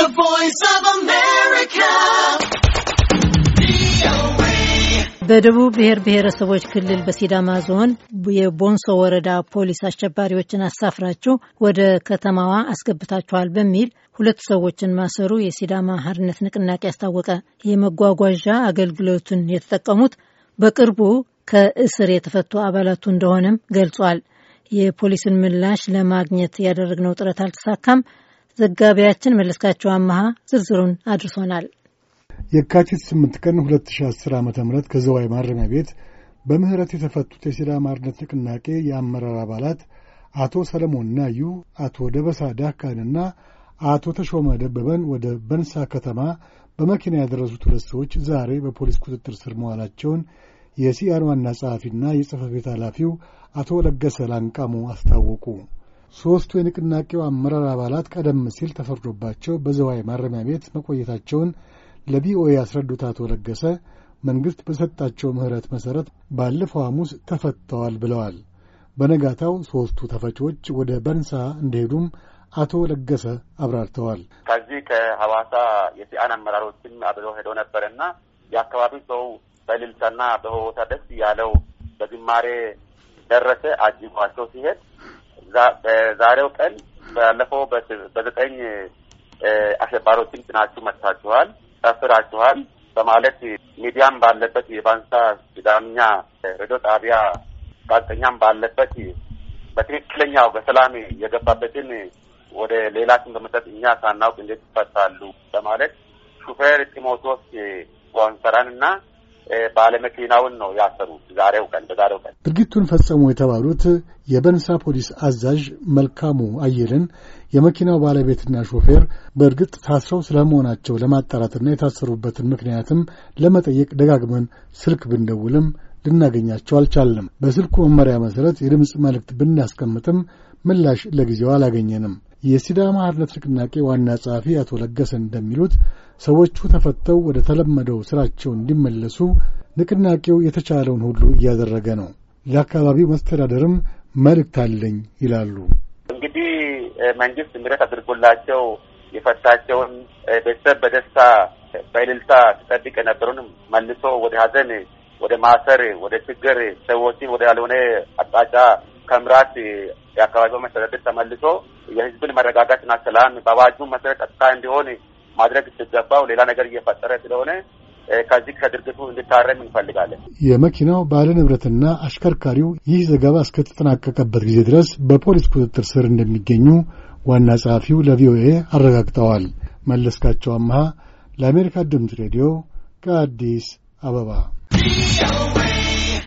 The Voice of America. በደቡብ ብሔር ብሔረሰቦች ክልል በሲዳማ ዞን የቦንሶ ወረዳ ፖሊስ አሸባሪዎችን አሳፍራችሁ ወደ ከተማዋ አስገብታችኋል በሚል ሁለት ሰዎችን ማሰሩ የሲዳማ ሀርነት ንቅናቄ አስታወቀ። የመጓጓዣ አገልግሎቱን የተጠቀሙት በቅርቡ ከእስር የተፈቱ አባላቱ እንደሆነም ገልጿል። የፖሊስን ምላሽ ለማግኘት ያደረግነው ጥረት አልተሳካም። ዘጋቢያችን መለስካቸው አመሃ ዝርዝሩን አድርሶናል። የካቲት 8 ቀን 2010 ዓ ም ከዘዋይ ማረሚያ ቤት በምህረት የተፈቱት የሲዳማ አርነት ንቅናቄ የአመራር አባላት አቶ ሰለሞን ናዩ፣ አቶ ደበሳ ዳካንና አቶ ተሾመ ደበበን ወደ በንሳ ከተማ በመኪና ያደረሱት ሁለት ሰዎች ዛሬ በፖሊስ ቁጥጥር ስር መዋላቸውን የሲአን ዋና ጸሐፊና የጽህፈት ቤት ኃላፊው አቶ ለገሰ ላንቃሞ አስታወቁ። ሦስቱ የንቅናቄው አመራር አባላት ቀደም ሲል ተፈርዶባቸው በዘዋይ ማረሚያ ቤት መቆየታቸውን ለቪኦኤ ያስረዱት አቶ ለገሰ መንግሥት በሰጣቸው ምሕረት መሠረት ባለፈው ሐሙስ ተፈተዋል ብለዋል። በነጋታው ሦስቱ ተፈቺዎች ወደ በንሳ እንደሄዱም አቶ ለገሰ አብራርተዋል። ከዚህ ከሐዋሳ የሲአን አመራሮችም አብረው ሄደው ነበርና የአካባቢው ሰው በእልልታና በሆታ ደስ ያለው በዝማሬ ደረሰ አጅቧቸው ሲሄድ በዛሬው ቀን ባለፈው በዘጠኝ አሸባሪዎችን ጭናችሁ መጥታችኋል፣ ጠፍራችኋል በማለት ሚዲያም ባለበት የባንሳ ሲዳምኛ ሬዲዮ ጣቢያ ጋዜጠኛም ባለበት በትክክለኛው በሰላም የገባበትን ወደ ሌላ ስም በመስጠት እኛ ሳናውቅ እንዴት ይፈታሉ በማለት ሹፌር ጢሞቶስ ዋንሰራን እና ባለመኪናውን ነው ያሰሩት። ዛሬው ቀን በዛሬው ቀን ድርጊቱን ፈጸሙ የተባሉት የበንሳ ፖሊስ አዛዥ መልካሙ አየልን የመኪናው ባለቤትና ሾፌር በእርግጥ ታስረው ስለመሆናቸው ለማጣራትና የታሰሩበትን ምክንያትም ለመጠየቅ ደጋግመን ስልክ ብንደውልም ልናገኛቸው አልቻልንም። በስልኩ መመሪያ መሠረት የድምፅ መልእክት ብናስቀምጥም ምላሽ ለጊዜው አላገኘንም። የሲዳማ ሀርነት ንቅናቄ ዋና ጸሐፊ አቶ ለገሰ እንደሚሉት ሰዎቹ ተፈተው ወደ ተለመደው ስራቸው እንዲመለሱ ንቅናቄው የተቻለውን ሁሉ እያደረገ ነው። ለአካባቢው መስተዳደርም መልእክት አለኝ ይላሉ። እንግዲህ መንግስት ምህረት አድርጎላቸው የፈታቸውን ቤተሰብ በደስታ በእልልታ ሲጠብቅ የነበሩንም መልሶ ወደ ሀዘን፣ ወደ ማሰር፣ ወደ ችግር ሰዎችን ወደ ያልሆነ አቅጣጫ ከምራት የአካባቢው መስተዳደር ተመልሶ የህዝብን መረጋጋትና ሰላም በአዋጁ መሰረት ጸጥታ እንዲሆን ማድረግ ሲገባው ሌላ ነገር እየፈጠረ ስለሆነ ከዚህ ከድርጊቱ እንድታረም እንፈልጋለን። የመኪናው ባለ ንብረትና አሽከርካሪው ይህ ዘገባ እስከተጠናቀቀበት ጊዜ ድረስ በፖሊስ ቁጥጥር ስር እንደሚገኙ ዋና ጸሐፊው ለቪኦኤ አረጋግጠዋል። መለስካቸው አምሃ ለአሜሪካ ድምፅ ሬዲዮ ከአዲስ አበባ